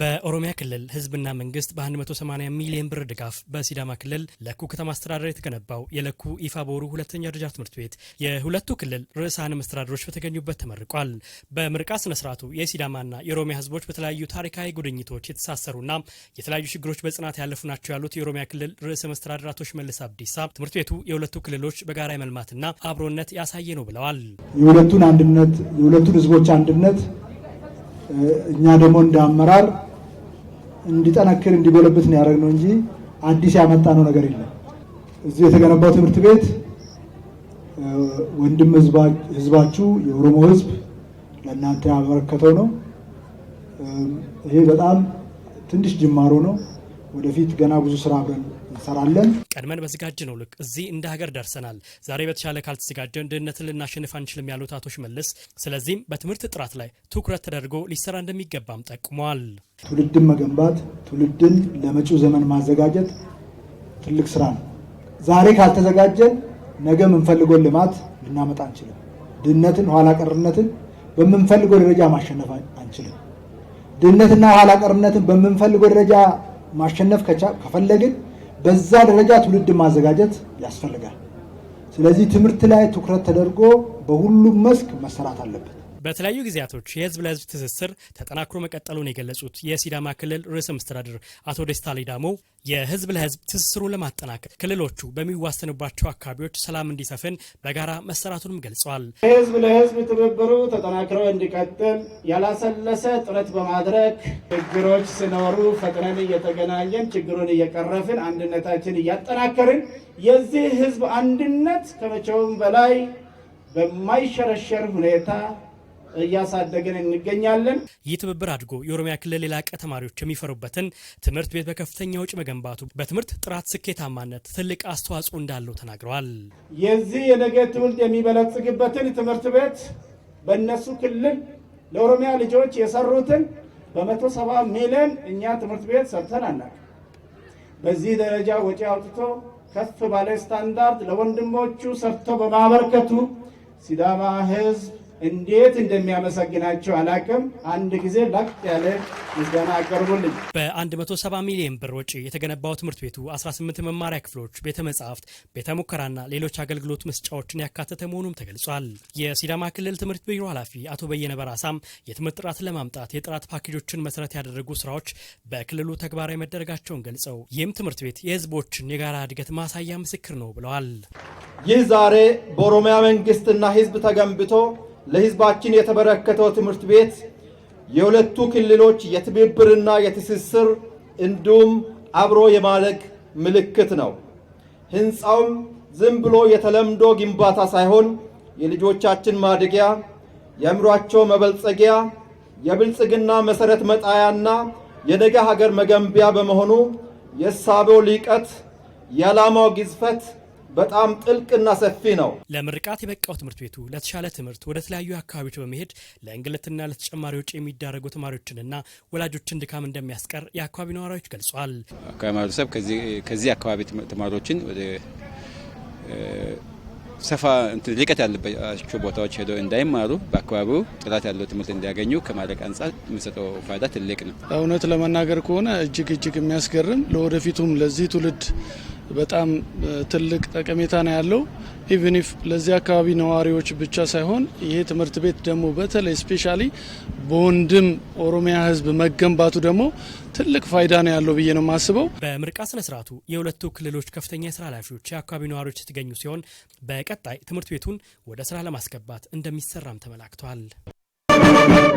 በኦሮሚያ ክልል ህዝብና መንግስት በ180 ሚሊዮን ብር ድጋፍ በሲዳማ ክልል ለኩ ከተማ አስተዳደር የተገነባው የለኩ ኢፋ ቦሩ ሁለተኛ ደረጃ ትምህርት ቤት የሁለቱ ክልል ርዕሳነ መስተዳድሮች በተገኙበት ተመርቋል። በምርቃ ስነ ስርዓቱ የሲዳማና የኦሮሚያ ህዝቦች በተለያዩ ታሪካዊ ጉድኝቶች የተሳሰሩና የተለያዩ ችግሮች በጽናት ያለፉ ናቸው ያሉት የኦሮሚያ ክልል ርዕሰ መስተዳድር አቶ ሽመልስ አብዲሳ ትምህርት ቤቱ የሁለቱ ክልሎች በጋራ የመልማትና አብሮነት ያሳየ ነው ብለዋል። የሁለቱን አንድነት የሁለቱን ህዝቦች አንድነት እኛ ደግሞ እንደ አመራር እንዲጠነክር እንዲጎለብት ነው ነው እንጂ አዲስ ያመጣ ነው ነገር የለም። እዚህ የተገነባው ትምህርት ቤት ወንድም ህዝባችሁ የኦሮሞ ህዝብ ለእናንተ ያበረከተው ነው። ይሄ በጣም ትንሽ ጅማሮ ነው። ወደፊት ገና ብዙ ስራ አብረን እንሰራለን። ቀድመን ነው ልክ እዚህ እንደ ሀገር ደርሰናል። ዛሬ በተሻለ ካልተዘጋጀን ድህነትን ልናሸንፍ አንችልም ያሉት አቶ ሽመልስ፣ ስለዚህም በትምህርት ጥራት ላይ ትኩረት ተደርጎ ሊሰራ እንደሚገባም ጠቁመዋል። ትውልድን መገንባት፣ ትውልድን ለመጪው ዘመን ማዘጋጀት ትልቅ ስራ ነው። ዛሬ ካልተዘጋጀን ነገ የምንፈልገውን ልማት ልናመጣ አንችልም። ድህነትን፣ ኋላ ቀርነትን በምንፈልገው ደረጃ ማሸነፍ አንችልም። ድህነትና ኋላ ቀርነትን በምንፈልገው ደረጃ ማሸነፍ ከፈለግን በዛ ደረጃ ትውልድ ማዘጋጀት ያስፈልጋል። ስለዚህ ትምህርት ላይ ትኩረት ተደርጎ በሁሉም መስክ መሰራት አለበት። በተለያዩ ጊዜያቶች የህዝብ ለህዝብ ትስስር ተጠናክሮ መቀጠሉን የገለጹት የሲዳማ ክልል ርዕሰ መስተዳድር አቶ ደስታ ሌዳሞ የህዝብ ለህዝብ ትስስሩን ለማጠናከር ክልሎቹ በሚዋሰኑባቸው አካባቢዎች ሰላም እንዲሰፍን በጋራ መሰራቱንም ገልጸዋል። የህዝብ ለህዝብ ትብብሩ ተጠናክሮ እንዲቀጥል ያላሰለሰ ጥረት በማድረግ ችግሮች ሲኖሩ ፈጥነን እየተገናኘን ችግሩን እየቀረፍን አንድነታችን እያጠናከርን የዚህ ህዝብ አንድነት ከመቼውም በላይ በማይሸረሸር ሁኔታ እያሳደግን እንገኛለን። ይህ ትብብር አድጎ የኦሮሚያ ክልል የላቀ ተማሪዎች የሚፈሩበትን ትምህርት ቤት በከፍተኛ ውጭ መገንባቱ በትምህርት ጥራት ስኬታማነት ትልቅ አስተዋጽኦ እንዳለው ተናግረዋል። የዚህ የነገ ትውልድ የሚበለጽግበትን ትምህርት ቤት በእነሱ ክልል ለኦሮሚያ ልጆች የሰሩትን በመቶ ሰባ ሚሊዮን እኛ ትምህርት ቤት ሰርተን አናውቅም። በዚህ ደረጃ ወጪ አውጥቶ ከፍ ባለ ስታንዳርድ ለወንድሞቹ ሰርቶ በማበርከቱ ሲዳማ ህዝብ እንዴት እንደሚያመሰግናቸው አላቅም። አንድ ጊዜ ላቅ ያለ ምስጋና አቀርቡልኝ። በ170 ሚሊዮን ብር ወጪ የተገነባው ትምህርት ቤቱ 18 መማሪያ ክፍሎች፣ ቤተ መጻሕፍት፣ ቤተ ሙከራና ሌሎች አገልግሎት መስጫዎችን ያካተተ መሆኑም ተገልጿል። የሲዳማ ክልል ትምህርት ቢሮ ኃላፊ አቶ በየነ በራሳም የትምህርት ጥራትን ለማምጣት የጥራት ፓኬጆችን መሰረት ያደረጉ ስራዎች በክልሉ ተግባራዊ መደረጋቸውን ገልጸው ይህም ትምህርት ቤት የህዝቦችን የጋራ እድገት ማሳያ ምስክር ነው ብለዋል። ይህ ዛሬ በኦሮሚያ መንግስትና ህዝብ ተገንብቶ ለህዝባችን የተበረከተው ትምህርት ቤት የሁለቱ ክልሎች የትብብርና የትስስር እንዲሁም አብሮ የማደግ ምልክት ነው። ህንፃውም ዝም ብሎ የተለምዶ ግንባታ ሳይሆን የልጆቻችን ማደጊያ፣ የአእምሯቸው መበልጸጊያ፣ የብልጽግና መሰረት መጣያና የነገ ሀገር መገንቢያ በመሆኑ የእሳቤው ልቀት፣ የዓላማው ግዝፈት በጣም ጥልቅና ሰፊ ነው። ለምርቃት የበቃው ትምህርት ቤቱ ለተሻለ ትምህርት ወደ ተለያዩ አካባቢዎች በመሄድ ለእንግልትና ለተጨማሪ ወጪ የሚዳረጉ ተማሪዎችንና ወላጆችን ድካም እንደሚያስቀር የአካባቢ ነዋሪዎች ገልጿል። አካባቢ ማህበረሰብ ከዚህ አካባቢ ተማሪዎችን ወደ ሰፋ ልቀት ያለባቸው ቦታዎች ሄደው እንዳይማሩ በአካባቢው ጥራት ያለው ትምህርት እንዲያገኙ ከማድረግ አንጻር የሚሰጠው ፋይዳ ትልቅ ነው። እውነት ለመናገር ከሆነ እጅግ እጅግ የሚያስገርም ለወደፊቱም ለዚህ ትውልድ በጣም ትልቅ ጠቀሜታ ነው ያለው። ኢቭን ኢፍ ለዚህ አካባቢ ነዋሪዎች ብቻ ሳይሆን ይሄ ትምህርት ቤት ደግሞ በተለይ ስፔሻሊ በወንድም ኦሮሚያ ህዝብ መገንባቱ ደግሞ ትልቅ ፋይዳ ነው ያለው ብዬ ነው የማስበው። በምርቃ ስነ ስርዓቱ የሁለቱ ክልሎች ከፍተኛ የስራ ኃላፊዎች፣ የአካባቢ ነዋሪዎች የተገኙ ሲሆን በቀጣይ ትምህርት ቤቱን ወደ ስራ ለማስገባት እንደሚሰራም ተመላክተዋል።